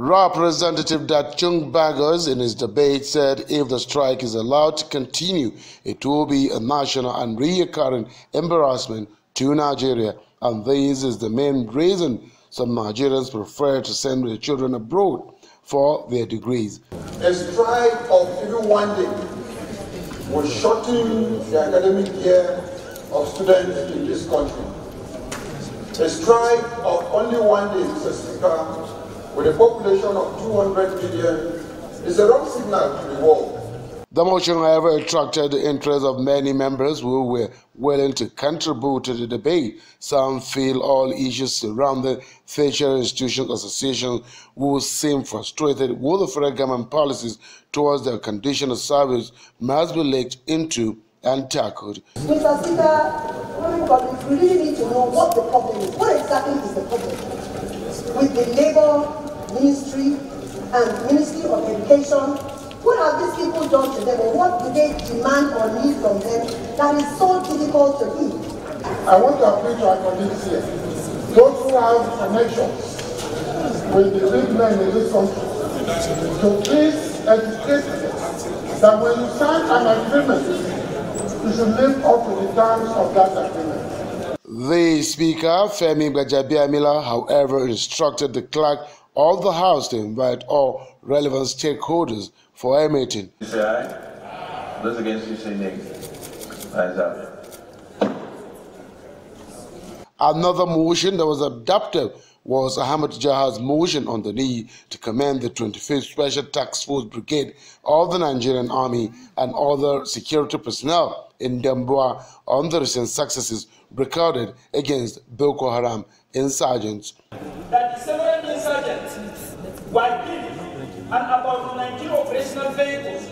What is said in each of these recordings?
Representative Dachung Baggers, in his debate, said if the strike is allowed to continue, it will be a national and recurring embarrassment to Nigeria, and this is the main reason some Nigerians prefer to send their children abroad for their degrees. A strike of even one day will shorten the academic year of students in this country. A strike of only one day, Mr. Speaker, with a population of 200 million is a wrong signal to the world. The motion, however, attracted the interest of many members who were willing to contribute to the debate. Some feel all issues surrounding teacher institution associations who seem frustrated with the federal government policies towards their condition of service must be looked into and tackled. Mr. Speaker, we really need to know what the problem is. What exactly is the problem with the labor Ministry and Ministry of Education. What have these people done to them or what do they demand or need from them that is so difficult to do? I want to appeal to our colleagues here. Those who have connections with the big men in this country to please educate them that when you sign an agreement, you should live up to the terms of that agreement. The Speaker, Femi Gbajabiamila, however, instructed the clerk of the House to invite all relevant stakeholders for a meeting. You say aye. Those against you say nay. Eyes up. Another motion that was adopted was Ahmed Jaha's motion on the need to command the 25th Special Task Force Brigade of the Nigerian Army and other security personnel in Dambua on the recent successes recorded against Boko Haram insurgents were killed and about 19 operational vehicles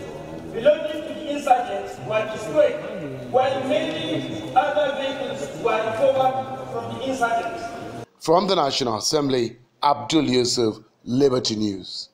belonging to the insurgents were destroyed, while many other vehicles were recovered from the insurgents. From the National Assembly, Abdul Yusuf, Liberty News.